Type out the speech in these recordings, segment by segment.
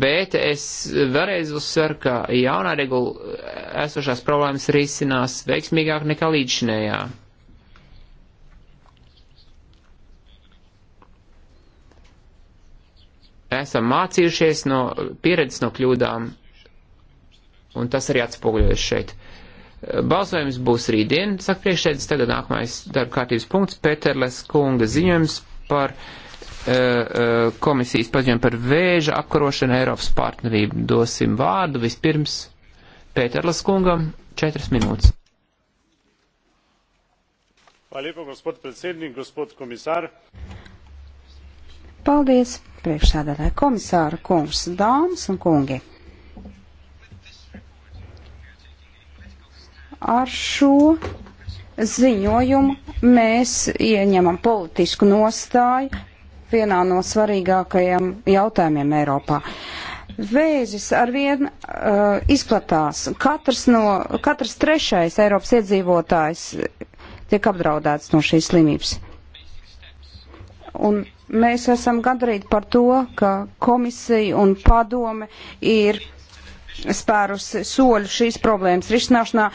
bet es vēlreiz uzsveru, ka jaunā regula esošās problēmas risinās veiksmīgāk nekā līdzinējā. Esam mācījušies no pieredzes no kļūdām, un tas arī atspoguļojas šeit. Balsojums būs rītdien, saka priekšsēdis, tagad nākamais darba kārtības punkts, Pēterles kunga ziņojums par uh, Eh, eh, komisijas paziņojumu par vēža apkarošanu Eiropas partnerību. Dosim vārdu vispirms Pēterlas kungam četras minūtes. Lepo, gospod predsednik, gospod komisār. Paldies, priekšsēdētāji komisāra kungs, dāmas un kungi. Ar šo ziņojumu mēs ieņemam politisku nostāju vienā no svarīgākajiem jautājumiem Eiropā. Vēzis arvien uh, izplatās. Katrs, no, katrs trešais Eiropas iedzīvotājs tiek apdraudēts no šīs slimības. Un mēs esam gandrīz par to, ka komisija un padome ir spērusi soļu šīs problēmas risināšanā,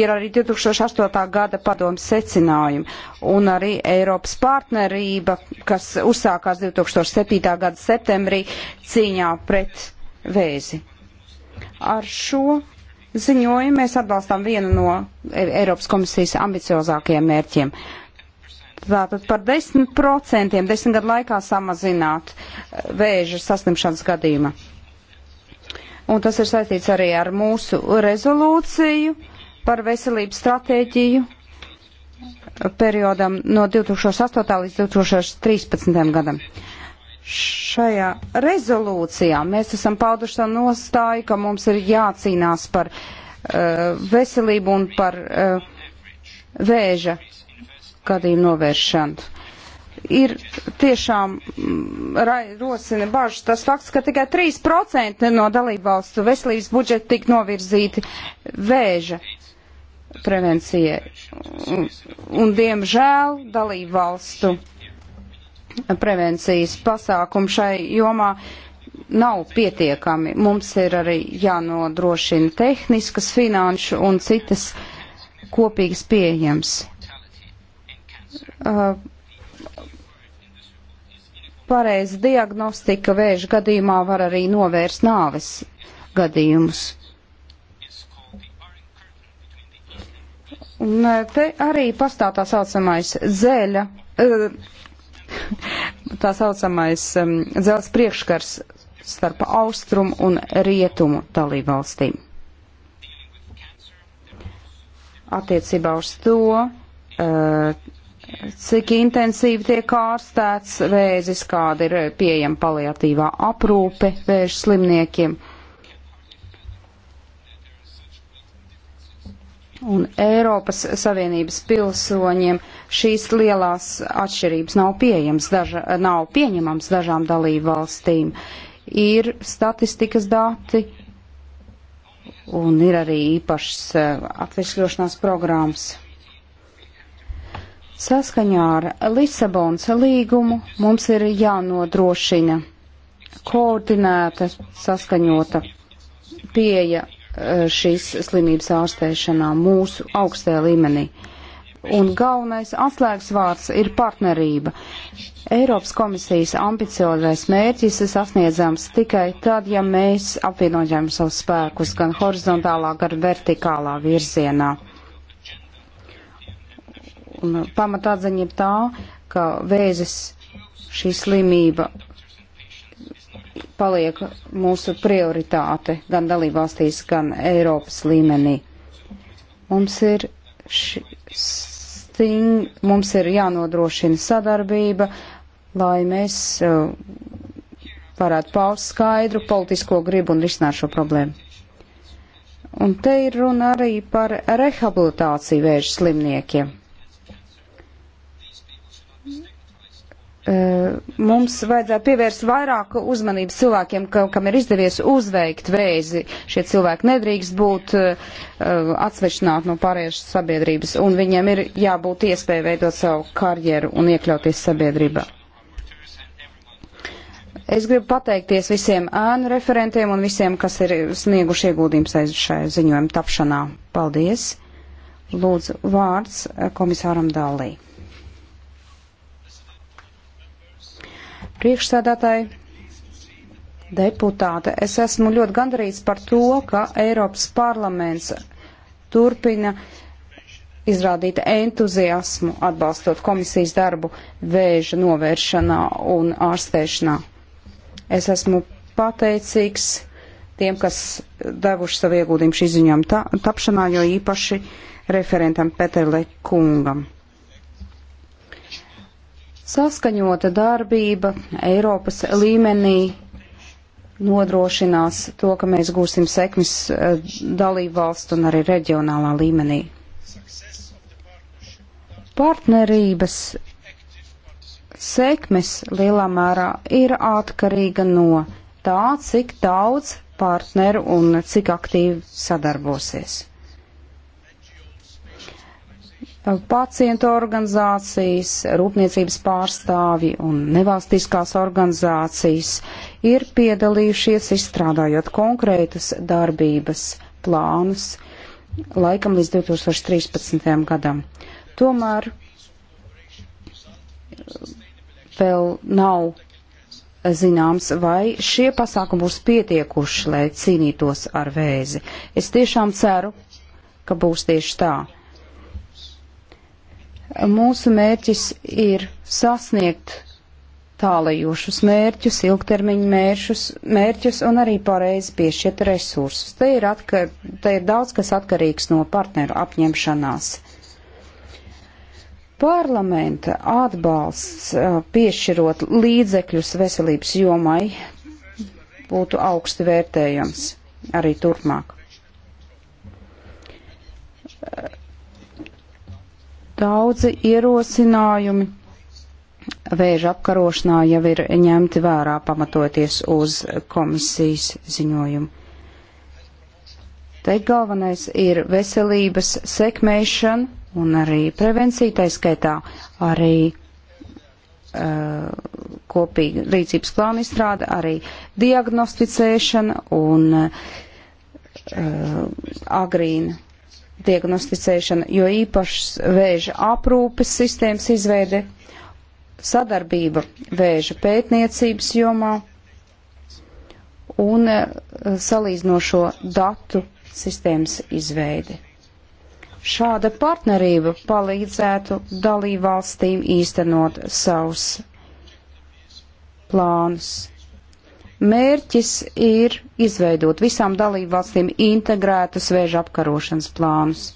ir arī 2008. gada padomas secinājumi. Un arī Eiropas partnerība, kas uzsākās 2007. gada septembrī cīņā pret vēzi. Ar šo ziņojumu mēs atbalstām vienu no e- Eiropas komisijas ambiciozākajiem mērķiem. Tātad par 10% desmit gadu laikā samazināt eh, vēža saslimšanas gadījumu un tas ir saistīts arī ar mūsu rezolūciju par veselības stratēģiju periodam no 2008. līdz 2013. gadam. Šajā rezolūcijā mēs esam pauduši savu nostāju, ka mums ir jācīnās par uh, veselību un par uh, vēža gadījumu novēršanu ir tiešām mm, rosina bažas tas fakts, ka tikai 3% no dalībvalstu veselības budžeta tik novirzīti vēža prevencijai. Un, un diemžēl dalībvalstu prevencijas pasākumu šai jomā nav pietiekami. Mums ir arī jānodrošina tehniskas, finanšu un citas kopīgas pieejams. Uh, Pareiza diagnostika vēža gadījumā var arī novērst nāves gadījumus. Un eh, te arī pastāv tā saucamais zēļa, eh, tā saucamais dzels priekškars starp austrumu un rietumu dalībvalstīm. Attiecībā uz to eh, cik intensīvi tiek ārstēts vēzis, kāda ir pieejama paliatīvā aprūpe vēža slimniekiem. Un Eiropas Savienības pilsoņiem šīs lielās atšķirības nav, daža, nav pieņemams dažām dalību valstīm. Ir statistikas dati un ir arī īpašas eh, atvesļošanās programmas. Saskaņā ar Lisabonas līgumu mums ir jānodrošina koordinēta, saskaņota pieeja eh, šīs slimības ārstēšanā mūsu augstajā līmenī. Un galvenais atslēgas vārds ir partnerība. Eiropas komisijas ambiciozais mērķis ir sasniedzams tikai tad, ja mēs apvienojam savus spēkus gan horizontālā, gan vertikālā virzienā. Un uh, pamatā atziņa ir tā, ka vēzis šī slimība paliek mūsu prioritāte gan dalībvalstīs, gan Eiropas līmenī. Mums ir, ši, sting, mums ir jānodrošina sadarbība, lai mēs uh, varētu paust skaidru politisko gribu un risināt šo problēmu. Un te ir runa arī par rehabilitāciju vēža slimniekiem. Eh, mums vajadzētu pievērst vairāk uzmanības cilvēkiem, ka, kam ir izdevies uzveikt vēzi. Šie cilvēki nedrīkst būt uh, atsvešināti no pārējās sabiedrības, un viņiem ir jābūt iespēja veidot savu karjeru un iekļauties sabiedrībā. Es gribu pateikties visiem ēnu referentiem un visiem, kas ir snieguši ieguldījums aiz šai ziņojuma tapšanā. Paldies! Lūdzu, vārds eh, komisāram Dālī. priekšsēdētāji, deputāte. Es esmu ļoti gandarīts par to, ka Eiropas parlaments turpina izrādīt entuziasmu atbalstot komisijas darbu vēža novēršanā un ārstēšanā. Es esmu pateicīgs tiem, kas devuši savu ieguldījumu šī ziņām tapšanā, jo īpaši referentam Peterle kungam. Saskaņota darbība Eiropas līmenī nodrošinās to, ka mēs gūsim sekmes eh, dalību valstu un arī reģionālā līmenī. Partnerības sekmes lielā mērā ir atkarīga no tā, cik daudz partneru un cik aktīvi sadarbosies pacientu organizācijas, rūpniecības pārstāvi un nevalstiskās organizācijas ir piedalījušies izstrādājot konkrētus darbības plānus laikam līdz 2013. gadam. Tomēr eh, vēl nav zināms, vai šie pasākumi būs pietiekuši, lai cīnītos ar vēzi. Es tiešām ceru, ka būs tieši tā Mūsu mērķis ir sasniegt tālajošus mērķus, ilgtermiņu mērķus, mērķus un arī pareizi piešķirt resursus. Te ir, atkar, te ir daudz, kas atkarīgs no partneru apņemšanās. Parlamenta atbalsts piešķirot līdzekļus veselības jomai būtu augsti vērtējams arī turpmāk daudzi ierosinājumi vēža apkarošanā jau ir ņemti vērā pamatoties uz komisijas ziņojumu. Te galvenais ir veselības sekmēšana un arī prevencija, tā skaitā arī uh, kopīga rīcības plāna izstrāde, arī diagnosticēšana un uh, agrīna diagnosticēšana, jo īpašs vēža aprūpes sistēmas izveide, sadarbība vēža pētniecības jomā un eh, salīdzinošo datu sistēmas izveide. Šāda partnerība palīdzētu dalībvalstīm īstenot savus plānus. Mērķis ir izveidot visām dalību valstīm integrētus vēža apkarošanas plānus.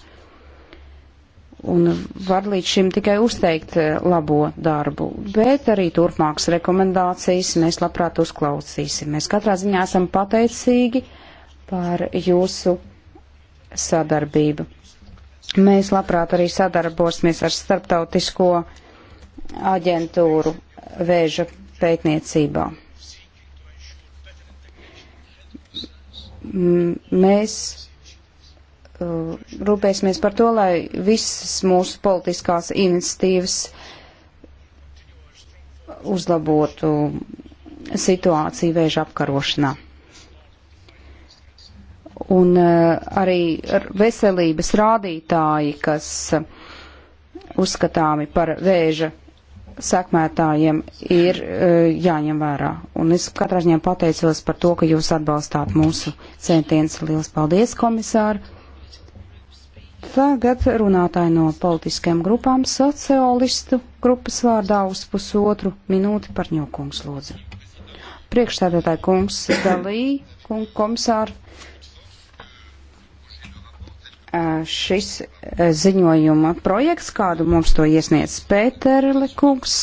Un var līdz šim tikai uzteikt eh, labo darbu, bet arī turpmākas rekomendācijas mēs labprāt uzklausīsim. Mēs katrā ziņā esam pateicīgi par jūsu sadarbību. Mēs labprāt arī sadarbosimies ar starptautisko aģentūru vēža pētniecībā. Mm, mēs uh, rūpēsimies par to, lai visas mūsu politiskās iniciatīvas uzlabotu situāciju vēža apkarošanā. Un uh, arī veselības rādītāji, kas uh, uzskatāmi par vēža sekmētājiem ir eh, jāņem vērā. Un es katrā ziņā pateicos par to, ka jūs atbalstāt mūsu centienus. Lielas paldies, komisāri! Tagad runātāji no politiskajām grupām sociālistu grupas vārdā uz pusotru minūti par ņokungs lūdzu. Priekšstādātāji kungs dalī, komisāri šis ziņojuma projekts, kādu mums to iesniedz Pēterle kungs,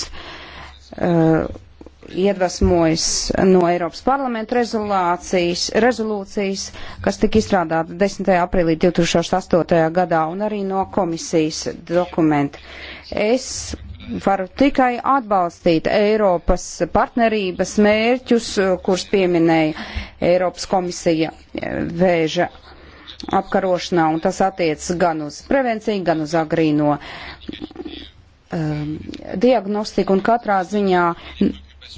iedvesmojas no Eiropas parlamenta rezolācijas, rezolūcijas, kas tika izstrādāta 10. aprīlī 2008. gadā un arī no komisijas dokumenta. Es varu tikai atbalstīt Eiropas partnerības mērķus, kurus pieminēja Eiropas komisija vēža apkarošanā, un tas attiec gan uz prevenciju, gan uz agrīno um, diagnostiku, un katrā ziņā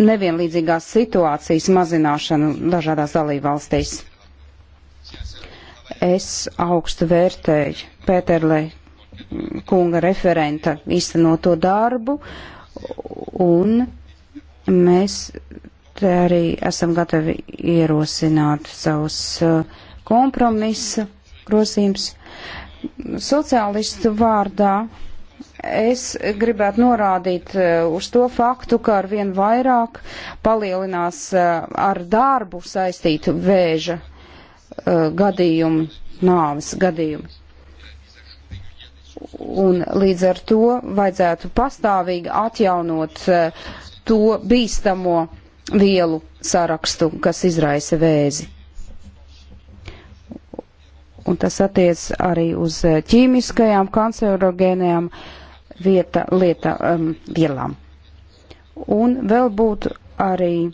nevienlīdzīgās situācijas mazināšanu dažādās dalībvalstīs. Es augstu vērtēju Pēterle kunga referenta īstenoto darbu, un mēs te arī esam gatavi ierosināt savus uh, kompromisa grozījums. Sociālistu vārdā es gribētu norādīt e, uz to faktu, ka ar vien vairāk palielinās e, ar darbu saistītu vēža e, gadījumu, nāves gadījumu. Un līdz ar to vajadzētu pastāvīgi atjaunot to bīstamo vielu sarakstu, kas izraisa vēzi un tas attiec arī uz eh, ķīmiskajām kancerogēnajām vieta, lieta, um, vielām. Un vēl būtu arī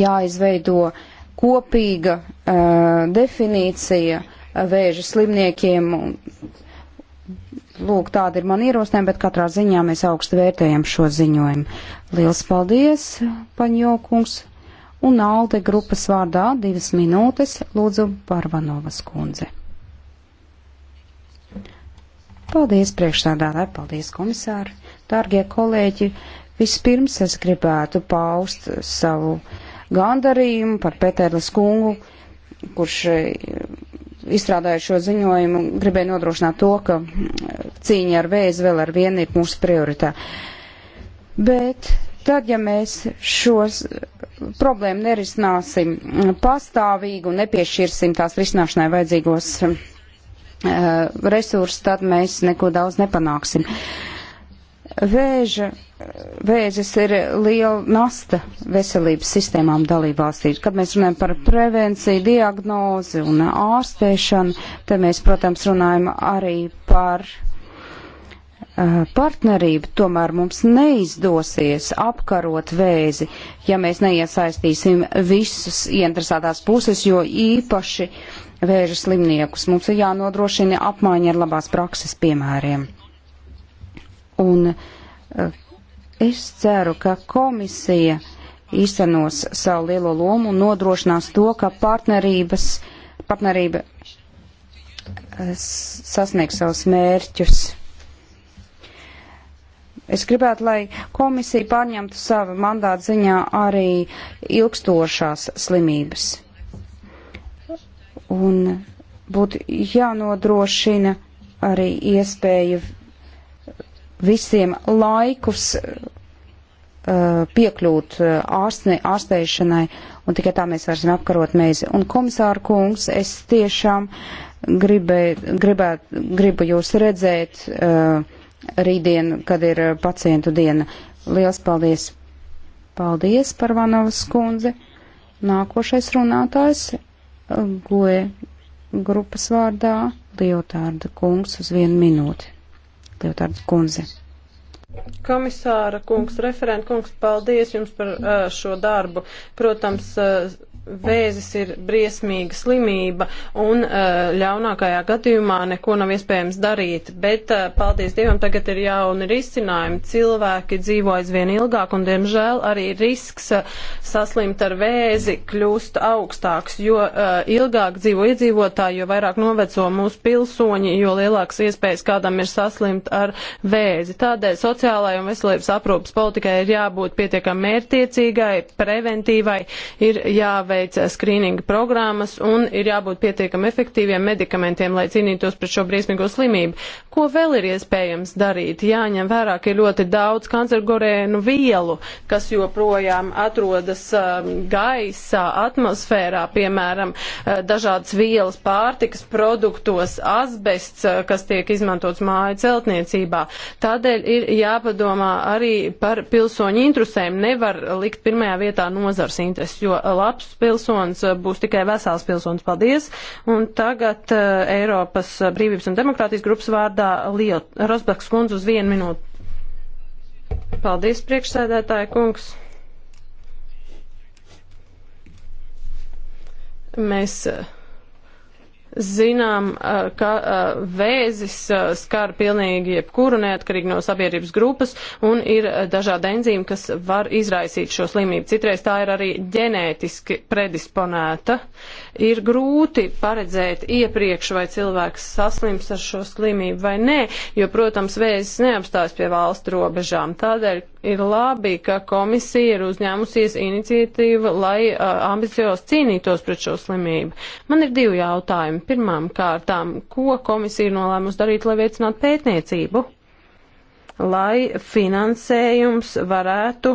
jāizveido kopīga uh, definīcija vēža slimniekiem. Lūk, tāda ir man ierosnēm, bet katrā ziņā mēs augstu vērtējam šo ziņojumu. Liels paldies, paņokungs! un Alde grupas vārdā divas minūtes lūdzu Barvanovas kundze. Paldies priekšstādātāji, paldies komisāri, dārgie kolēģi. Vispirms es gribētu paust savu gandarījumu par Petērlis kungu, kurš eh, izstrādāja šo ziņojumu, gribēja nodrošināt to, ka mm, cīņa ar vēzi vēl ar vienu ir mūsu prioritā. Bet Tad, ja mēs šos problēmu nerisināsim pastāvīgi un nepiešķirsim tās risināšanai vajadzīgos uh, resursus, tad mēs neko daudz nepanāksim. Vēža, vēzis ir liela nasta veselības sistēmām dalībvalstīs. Kad mēs runājam par prevenciju, diagnozi un ārstēšanu, tad mēs, protams, runājam arī par uh, Eh, partnerību, tomēr mums neizdosies apkarot vēzi, ja mēs neiesaistīsim visus ieinteresētās puses, jo īpaši vēža slimniekus mums ir jānodrošina apmaiņa ar labās prakses piemēriem. Un eh, es ceru, ka komisija īstenos savu lielo lomu un nodrošinās to, ka partnerības, partnerība eh, sasniegs savus mērķus Es gribētu, lai komisija pārņemtu savu mandātu ziņā arī ilgstošās slimības. Un būtu jānodrošina arī iespēja visiem laikus uh, piekļūt uh, ārstne, ārsteišanai, un tikai tā mēs varēsim apkarot mēzi. Un komisāra kungs, es tiešām gribē, gribē, gribu jūs redzēt uh, rītdien, kad ir uh, pacientu diena. Liels paldies! Paldies, Parvanovas kundze! Nākošais runātājs uh, goja grupas vārdā Liotārda kungs uz vienu minūti. Liotārda kundze. Komisāra kungs, referent kungs, paldies jums par uh, šo darbu. Protams, Vēzis ir briesmīga slimība un eh, ļaunākajā gadījumā neko nav iespējams darīt, bet eh, paldies Dievam tagad ir jauni risinājumi. Cilvēki dzīvo aizvien ilgāk un, diemžēl, arī risks eh, saslimt ar vēzi kļūst augstāks, jo ilgāk dzīvo iedzīvotāji, jo vairāk noveco mūsu pilsoņi, jo lielāks iespējas kādam ir saslimt ar vēzi. Tādēļ sociālajai un veselības aprūpas politikai ir jābūt pietiekami mērtiecīgai, preventīvai, ir jāveic jāveic eh, skrīninga programmas un ir jābūt pietiekami efektīviem medikamentiem, lai cīnītos pret šo briesmīgo slimību. Ko vēl ir iespējams darīt? Jāņem vērā, ka ir ļoti daudz kancerogorēnu vielu, kas joprojām atrodas eh, gaisā, atmosfērā, piemēram, eh, dažādas vielas pārtikas produktos, asbests, kas tiek izmantots māju celtniecībā. Tādēļ ir jāpadomā arī par pilsoņu interesēm. Nevar likt pirmajā vietā nozars intereses, jo labs pilsonis eh, būs tikai vesels pilsonis. Paldies! Un tagad uh, Eiropas eh, brīvības un demokrātijas grupas vārdā Liot Rosbaks kundze uz vienu minūtu. Paldies, priekšsēdētāja kungs! Mēs. Uh, Zinām, uh, ka uh, vēzis uh, skar pilnīgi jebkuru neatkarīgi no sabiedrības grupas un ir dažādi enzīmi, kas var izraisīt šo slimību. Citreiz tā ir arī ģenētiski predisponēta. Ir grūti paredzēt iepriekš, vai cilvēks saslims ar šo slimību vai nē, jo, protams, vēzis neapstājas pie valsts robežām. Tādēļ ir labi, ka komisija ir uzņēmusies iniciatīvu, lai uh, ambiciozi cīnītos pret šo slimību. Man ir divi jautājumi. Pirmām kārtām, ko komisija ir nolēmusi darīt, lai veicinātu pētniecību, lai finansējums varētu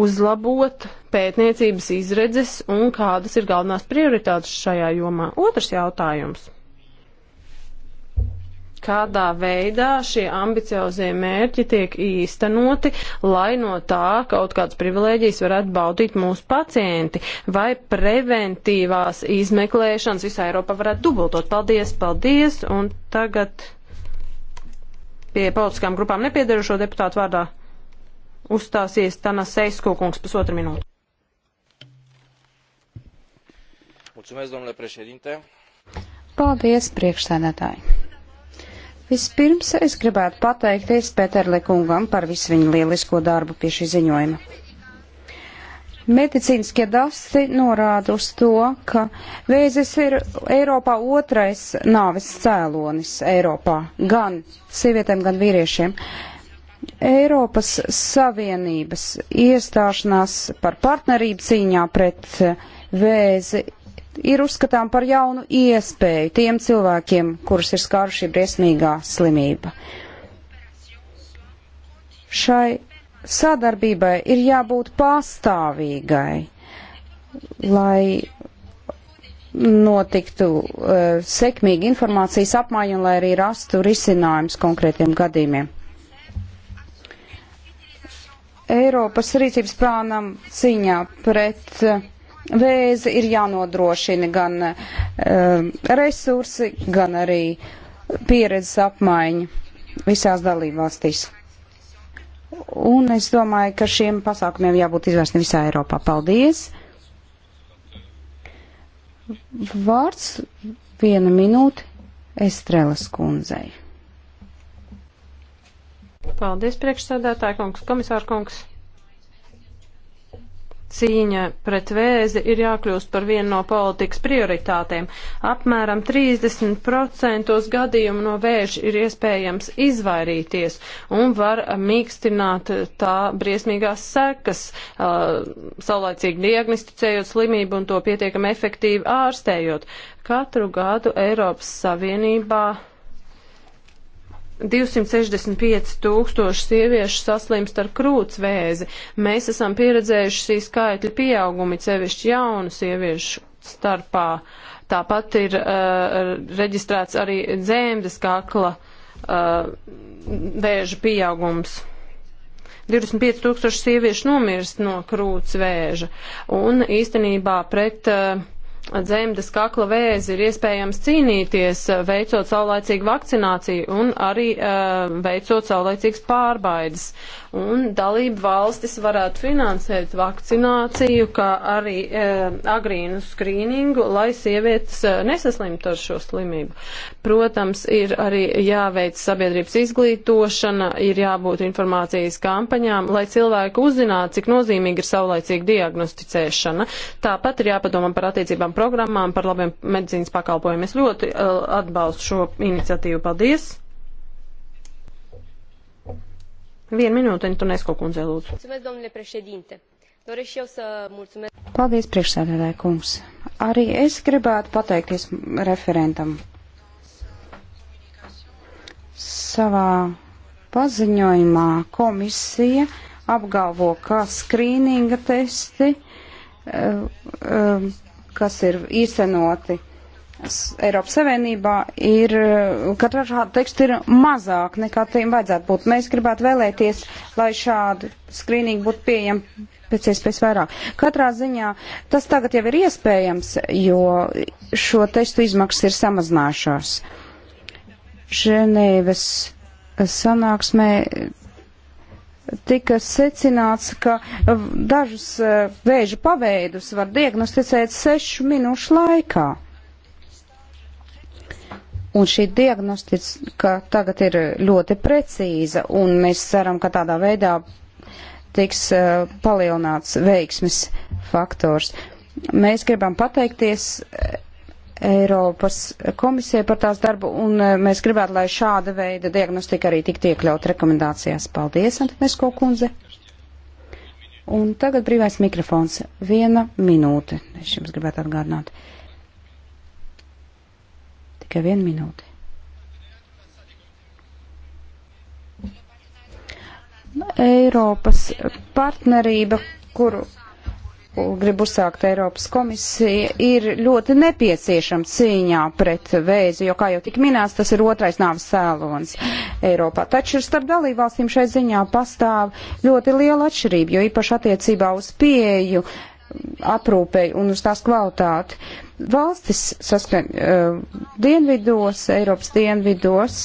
uzlabot pētniecības izredzes un kādas ir galvenās prioritātes šajā jomā? Otrs jautājums kādā veidā šie ambiciozie mērķi tiek īstenoti, lai no tā kaut kādas privilēģijas varētu baudīt mūsu pacienti, vai preventīvās izmeklēšanas visā Eiropā varētu dubultot. Paldies, paldies, un tagad pie politiskām grupām nepiedarušo deputātu vārdā uzstāsies Tanas Seisko kungs pusotru minūtu. Mulțumesc, domnule președinte. Paldies, priekšsēdētāji. Vispirms es gribētu pateikties Pēterle kungam par visu viņu lielisko darbu pie šī ziņojuma. Medicīniskie dasti norāda uz to, ka vēzis ir Eiropā otrais nāves cēlonis Eiropā, gan sievietēm, gan vīriešiem. Eiropas Savienības iestāšanās par partnerību cīņā pret vēzi ir uzskatām par jaunu iespēju tiem cilvēkiem, kurus ir skāruši šī briesmīgā slimība. Šai sadarbībai ir jābūt pastāvīgai, lai notiktu uh, sekmīgi informācijas apmaiņa un lai arī rastu risinājums konkrētiem gadījumiem. Eiropas rīcības plānam ciņā pret uh, vēzi ir jānodrošina gan uh, resursi, gan arī pieredzes apmaiņa visās dalībvalstīs. Un es domāju, ka šiem pasākumiem jābūt izvērsti visā Eiropā. Paldies! Vārds viena minūte Estrelas kundzei. Paldies, priekšsēdētāji kungs, komisāra kungs. Cīņa pret vēzi ir jākļūst par vienu no politikas prioritātēm. Apmēram 30% gadījumu no vēža ir iespējams izvairīties un var mīkstināt tā briesmīgās sekas, uh, saulēcīgi diagnosticējot slimību un to pietiekami efektīvi ārstējot. Katru gadu Eiropas Savienībā 265 tūkstoši sieviešu saslimst ar krūtsvēzi. Mēs esam pieredzējuši šī skaitļa pieaugumi, sevišķi jaunu sieviešu starpā. Tāpat ir uh, reģistrēts arī dzēmdes kakla uh, vēža pieaugums. 25 tūkstoši sieviešu nomirst no krūts vēža. Un īstenībā pret uh, dzemdas kakla vēzi ir iespējams cīnīties, veicot saulēcīgu vakcināciju un arī uh, veicot saulēcīgas pārbaidas. Un dalību valstis varētu finansēt vakcināciju, kā arī uh, agrīnu skrīningu, lai sievietes uh, nesaslimtu ar šo slimību. Protams, ir arī jāveic sabiedrības izglītošana, ir jābūt informācijas kampaņām, lai cilvēki uzzinātu, cik nozīmīgi ir saulēcīga diagnosticēšana. Tāpat ir jāpadomā par attiecībām programmām, par labiem medicīnas pakalpojumiem. Es ļoti uh, atbalstu šo iniciatīvu. Paldies! Vienu minūti, Antonesko kundze, lūdzu. Paldies, priekšsēdētāji kungs. Arī es gribētu pateikties referentam. Savā paziņojumā komisija apgalvo, ka skrīninga testi uh, um, kas ir īstenoti Eiropas Savienībā, ir, ka šādu tekstu ir mazāk nekā tiem vajadzētu būt. Mēs gribētu vēlēties, lai šādu skrīningu būtu pieejama pēc iespējas vairāk. Katrā ziņā tas tagad jau ir iespējams, jo šo testu izmaksas ir samazinājušās. Ženēves sanāksmē tika secināts, ka eh, dažus eh, vēža paveidus var diagnosticēt sešu minūšu laikā. Un šī diagnostika tagad ir ļoti precīza, un mēs ceram, ka tādā veidā tiks uh, palielināts veiksmes faktors. Mēs gribam pateikties Eiropas komisijai par tās darbu, un e, mēs gribētu, lai šāda veida diagnostika arī tiktu iekļaut rekomendācijās. Paldies, Antinesko kundze. Un tagad brīvais mikrofons. Viena minūte. Es jums gribētu atgādināt. Tikai viena minūte. Nu, Eiropas partnerība, kuru ko grib uzsākt Eiropas komisija, ir ļoti nepieciešama cīņā pret vēzi, jo, kā jau tik minēts, tas ir otrais nāves cēlons Eiropā. Taču starp dalībvalstīm šai ziņā pastāv ļoti liela atšķirība, jo īpaši attiecībā uz pieeju aprūpei un uz tās kvalitāti. Valstis saskaņ, uh, dienvidos, Eiropas dienvidos,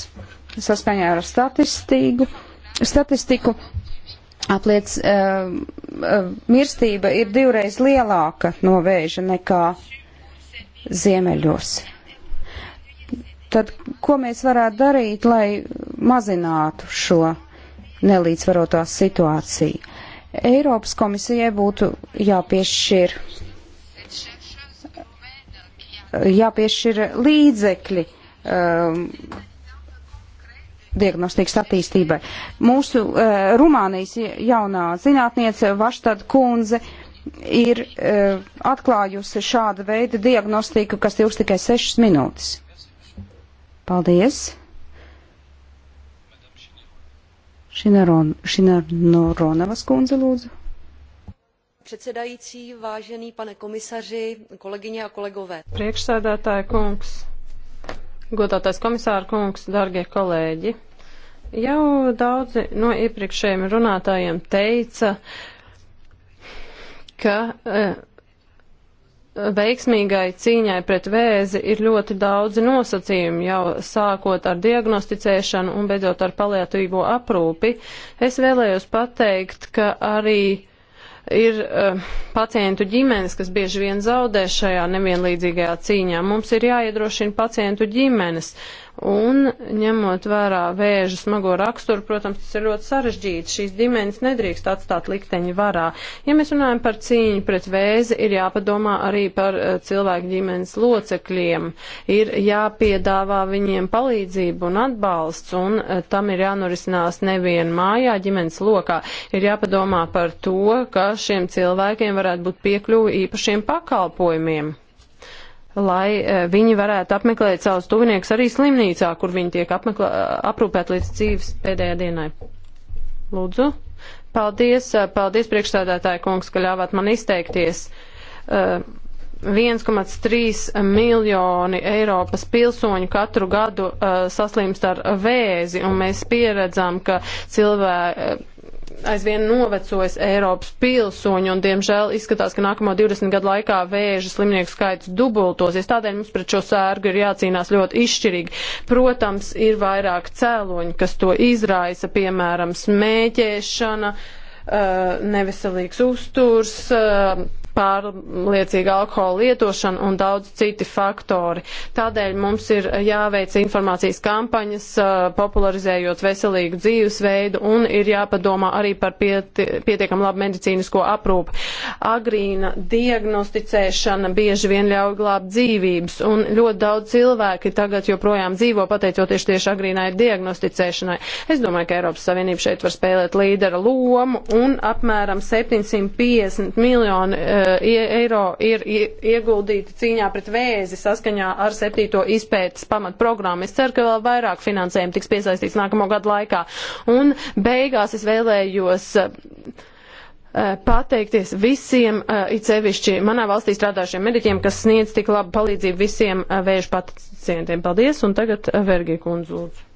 saskaņā ar statistiku, statistiku apliec, uh, mirstība ir divreiz lielāka no vēža nekā ziemeļos. Tad, ko mēs varētu darīt, lai mazinātu šo nelīdzvarotā situāciju? Eiropas komisijai būtu jāpiešķir, jāpiešķir līdzekļi um, uh, diagnostikas attīstībai. Mūsu uh, Rumānijas jaunā zinātniece Vaštad Kunze ir uh, atklājusi šādu veidu diagnostiku, kas ilgs tikai 6 minūtes. Paldies! Šinaron, Šinaronovas kundze lūdzu. Předsedající, vážený pane komisaři, kolegyně a kolegové. Priekšsēdētāja kungs, Godātais komisāra kungs, dargie kolēģi, jau daudzi no iepriekšējiem runātājiem teica, ka e, veiksmīgai cīņai pret vēzi ir ļoti daudzi nosacījumi, jau sākot ar diagnosticēšanu un beidzot ar paliatīvo aprūpi. Es vēlējos pateikt, ka arī ir uh, pacientu ģimenes, kas bieži vien zaudē šajā nevienlīdzīgajā cīņā. Mums ir jāiedrošina pacientu ģimenes. Uh, Un ņemot vērā vēža smago raksturu, protams, tas ir ļoti sarežģīti. Šīs dimensijas nedrīkst atstāt likteņu varā. Ja mēs runājam par cīņu pret vēzi, ir jāpadomā arī par eh, cilvēku ģimenes locekļiem. Ir jāpiedāvā viņiem palīdzību un atbalsts, un eh, tam ir jānorisinās nevien mājā, ģimenes lokā. Ir jāpadomā par to, ka šiem cilvēkiem varētu būt piekļuvi īpašiem pakalpojumiem lai eh, viņi varētu apmeklēt savus tuviniekus arī slimnīcā, kur viņi tiek apmeklē, eh, aprūpēt līdz dzīves pēdējā dienai. Lūdzu. Paldies, eh, paldies priekšstādātāja kungs, ka ļāvāt man izteikties. Uh, 1,3 miljoni Eiropas pilsoņu katru gadu uh, saslimst ar vēzi, un mēs pieredzam, ka cilvēki aizvien novecojas Eiropas pilsoņi, un diemžēl izskatās, ka nākamo 20 gadu laikā vēža slimnieku skaits dubultosies. Tādēļ mums pret šo sērgu ir jācīnās ļoti izšķirīgi. Protams, ir vairāk cēloņi, kas to izraisa, piemēram, smēķēšana, uh, neveselīgs uzturs uh, pārliecīga alkohola lietošana un daudz citi faktori. Tādēļ mums ir jāveic informācijas kampaņas, popularizējot veselīgu dzīvesveidu un ir jāpadomā arī par pieti, pietiekam labu medicīnisko aprūpu. Agrīna diagnosticēšana bieži vien ļauj glābt dzīvības un ļoti daudz cilvēki tagad joprojām dzīvo pateicoties tieši agrīnai diagnosticēšanai. Es domāju, ka Eiropas Savienība šeit var spēlēt līdera lomu un apmēram 750 miljonu Eh, eiro ir ieguldīti cīņā pret vēzi saskaņā ar septīto izpētes pamatprogrammu. Es ceru, ka vēl vairāk finansējumu tiks piesaistīts nākamo gadu laikā. Un beigās es vēlējos eh, pateikties visiem, eh, it sevišķi manā valstī strādājušiem mediķiem, kas sniedz tik labu palīdzību visiem vēža pacientiem. Paldies, un tagad Vergi kundze lūdzu.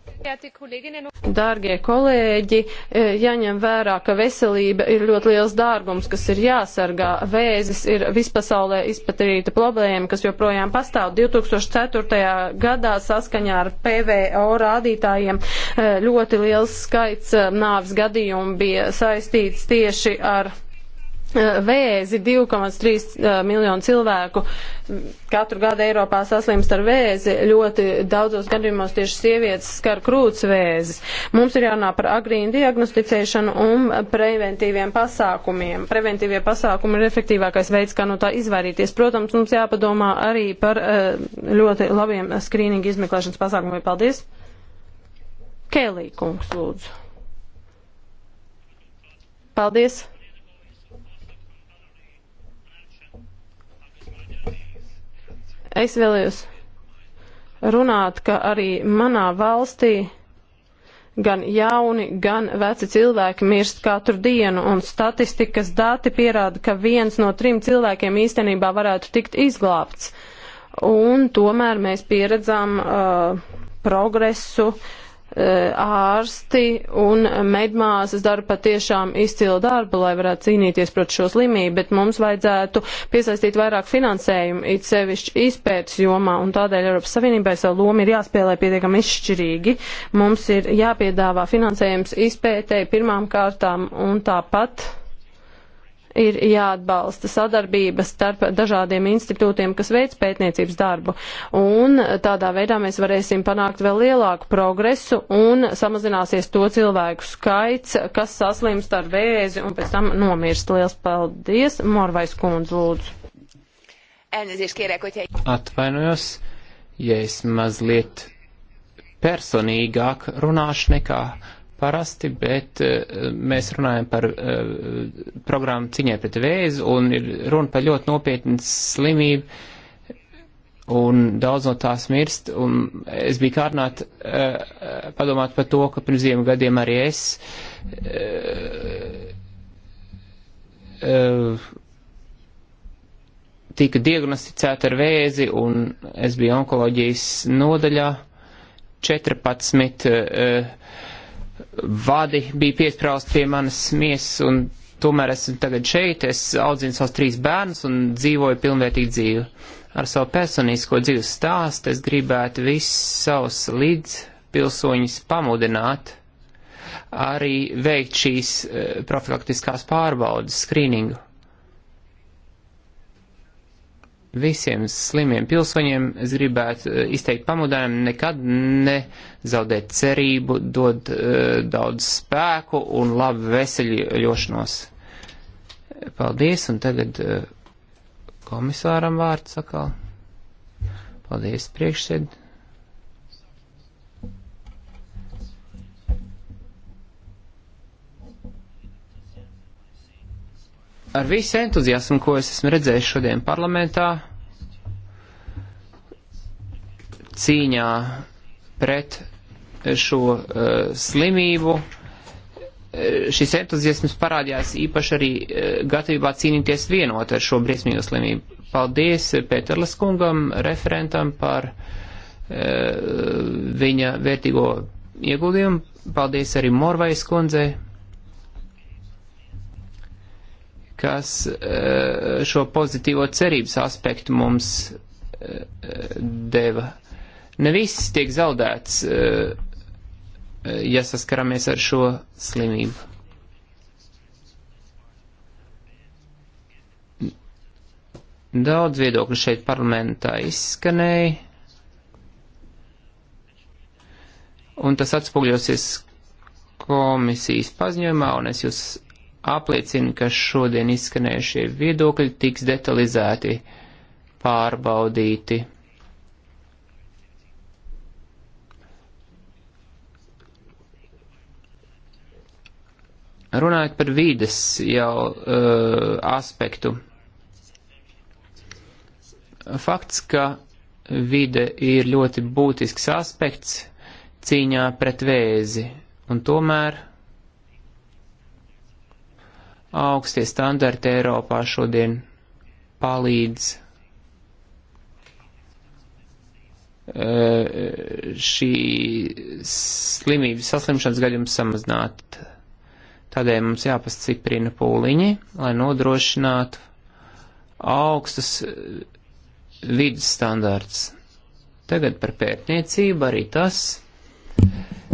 Dārgie kolēģi, e, jaņem vērā, ka veselība ir ļoti liels dārgums, kas ir jāsargā. Vēzis ir vispasaulē izpatīrīta problēma, kas joprojām pastāv. 2004. gadā saskaņā ar PVO rādītājiem e, ļoti liels skaits e, nāves gadījumu bija saistīts tieši ar Eh, vēzi 2,3 eh, miljonu cilvēku katru gadu Eiropā saslimst ar vēzi, ļoti daudzos gadījumos tieši sievietes skar krūtsvēzis. Mums ir jārunā par agrīnu diagnosticēšanu un preventīviem pasākumiem. Preventīvie pasākumi ir efektīvākais veids, kā no tā izvairīties. Protams, mums jāpadomā arī par eh, ļoti labiem skrīningu izmeklēšanas pasākumiem. Paldies! Kēlī kungs, lūdzu. Paldies! Es vēlējos runāt, ka arī manā valstī gan jauni, gan veci cilvēki mirst katru dienu, un statistikas dati pierāda, ka viens no trim cilvēkiem īstenībā varētu tikt izglābts. Un tomēr mēs pieredzam uh, progresu uh, E, ārsti un medmāsas dara patiešām izcilu darbu, lai varētu cīnīties pret šo slimību, bet mums vajadzētu piesaistīt vairāk finansējumu, it sevišķi izpētes jomā, un tādēļ Eiropas Savienībai savu lomu ir jāspēlē pietiekami izšķirīgi. Mums ir jāpiedāvā finansējums izpētēji pirmām kārtām un tāpat ir jāatbalsta sadarbība starp dažādiem institūtiem, kas veic pētniecības darbu. Un tādā veidā mēs varēsim panākt vēl lielāku progresu un samazināsies to cilvēku skaits, kas saslimst ar vēzi un pēc tam nomirst. Liels paldies, Morvais kundze, lūdzu. Atvainojos, ja es mazliet personīgāk runāšu nekā parasti, bet eh, mēs runājam par eh, programmu ciņai pret vēzi un ir runa par ļoti nopietnu slimību un daudz no tās mirst. Un es biju kārdināt uh, eh, padomāt par to, ka pirms diviem gadiem arī es uh, uh, tika diagnosticēta ar vēzi, un es biju onkoloģijas nodaļā 14. Uh, vadi bija piesprāst pie manas miesas, un tomēr esmu tagad šeit, es audzinu savus trīs bērnus un dzīvoju pilnvērtīgu dzīvi. Ar savu personisko dzīves stāstu es gribētu visus savus līdzpilsoņus pamudināt, arī veikt šīs eh, profilaktiskās pārbaudas, skrīningu visiem slimiem pilsoņiem es gribētu eh, izteikt pamudinājumu nekad nezaudēt cerību, dod uh, daudz spēku un labu veseļošanos. Paldies, un tagad uh, komisāram vārds atkal. Paldies, priekšsēdētāji. ar visu entuziasmu, ko es esmu redzējis šodien parlamentā, cīņā pret šo uh, slimību, eh, šis entuziasms parādījās īpaši arī eh, gatavībā cīnīties vienot ar šo briesmīgo slimību. Paldies Pēterles kungam, referentam par uh, viņa vērtīgo ieguldījumu. Paldies arī Morvais kundzei. kas eh, šo pozitīvo cerības aspektu mums eh, deva. Ne viss tiek zaudēts, eh, ja saskaramies ar šo slimību. Daudz viedokļu šeit parlamentā izskanēja, un tas atspūgļosies komisijas paziņojumā, un es jūs apliecina, ka šodien izskanējušie viedokļi tiks detalizēti pārbaudīti. Runājot par vīdes jau uh, aspektu, fakts, ka vide ir ļoti būtisks aspekts cīņā pret vēzi, un tomēr Augstie standarti Eiropā šodien palīdz eh, šī slimības saslimšanas gadījums samazināt. Tādēļ mums jāpastiprina pūliņi, lai nodrošinātu augstus eh, vidus standārts. Tagad par pētniecību arī tas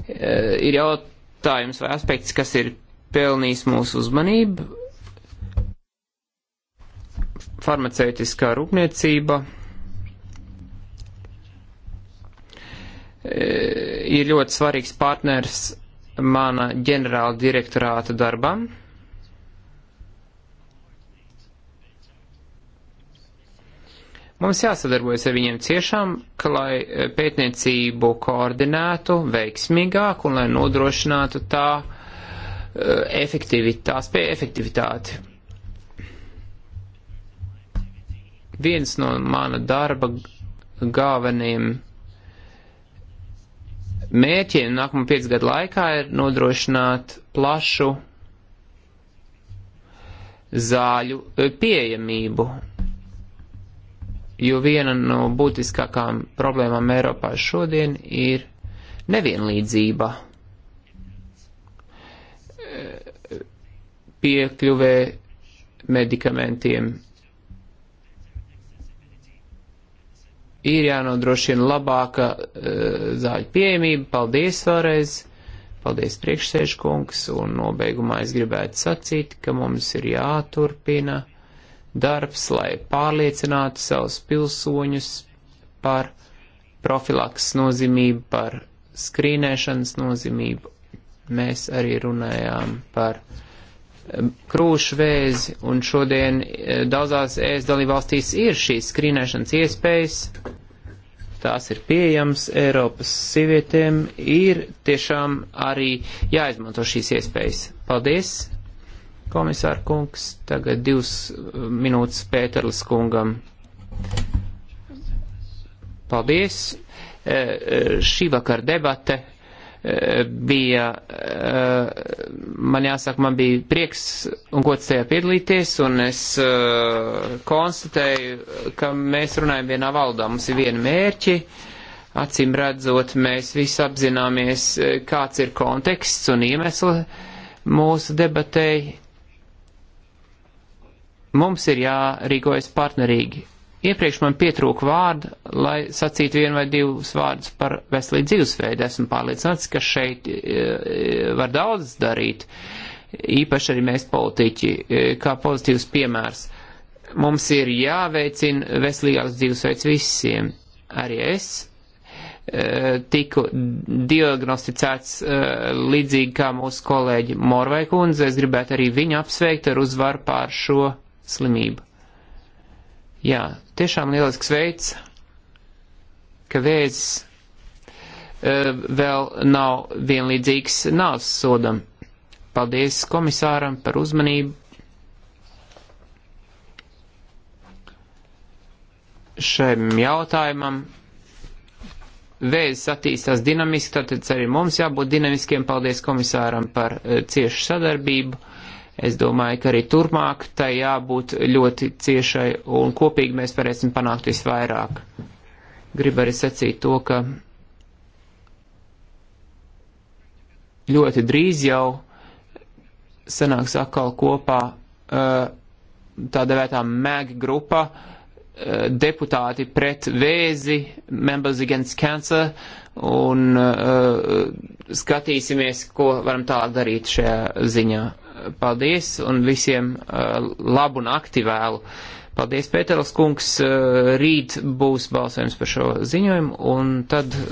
eh, ir jautājums vai aspekts, kas ir pelnījis mūsu uzmanību. Farmaceitiskā rūpniecība e, ir ļoti svarīgs partners mana ģenerāla direktorāta darbam. Mums jāsadarbojas ar viņiem ciešām, ka, lai e, pētniecību koordinētu veiksmīgāk un lai nodrošinātu tā Eh, efektivitāti, spēja efektivitāti. Viens no mana darba galvenajiem mērķiem nākamā piecu gadu laikā ir nodrošināt plašu zāļu eh, pieejamību, jo viena no būtiskākām problēmām Eiropā šodien ir nevienlīdzība piekļuvē medikamentiem. Ir jānodrošina labāka eh, zāļu pieejamība. Paldies vēlreiz! Paldies priekšsēžkungs, un nobeigumā es gribētu sacīt, ka mums ir jāturpina darbs, lai pārliecinātu savus pilsoņus par profilaks nozīmību, par skrīnēšanas nozīmību Mēs arī runājām par um, krūšu vēzi, un šodien eh, daudzās ES dalībvalstīs ir šīs skrīnēšanas iespējas, tās ir pieejamas Eiropas sievietēm, ir tiešām arī jāizmanto šīs iespējas. Paldies, komisāra kungs, tagad divas eh, minūtes Pēterlis kungam. Paldies! Eh, šī vakar debate bija, eh, man jāsaka, man bija prieks un gods tajā piedalīties, un es eh, konstatēju, ka mēs runājam vienā valdā, mums ir viena mērķi, acīm redzot, mēs visi apzināmies, eh, kāds ir konteksts un iemesli mūsu debatēji. Mums ir jārīkojas partnerīgi Iepriekš man pietrūka vārdu, lai sacītu vienu vai divus vārdus par veselīgu dzīvesveidu. Esmu pārliecināts, ka šeit e, e, var daudz darīt, īpaši arī mēs politiķi, e, kā pozitīvs piemērs. Mums ir jāveicina veselīgāks dzīvesveids visiem. Arī es tiku diagnosticēts līdzīgi kā mūsu kolēģi Morvai kundze. Es gribētu arī viņu apsveikt ar uzvaru pār šo slimību. Jā, Tiešām lielisks veids, ka vējs e, vēl nav vienlīdzīgs nāves sodam. Paldies komisāram par uzmanību. Šiem jautājumam vējs attīstās dinamiski, tātad arī mums jābūt dinamiskiem. Paldies komisāram par e, ciešu sadarbību Es domāju, ka arī turpmāk tai jābūt ļoti ciešai un kopīgi mēs varēsim panākt visvairāk. Gribu arī sacīt to, ka ļoti drīz jau sanāks atkal kopā eh, tā devētā MAG grupa eh, deputāti pret vēzi, Members Against Cancer, un eh, skatīsimies, ko varam tālāk darīt šajā ziņā paldies un visiem uh, labu nakti vēlu. Paldies, Pēteras kungs. Uh, rīt būs balsojums par šo ziņojumu un tad.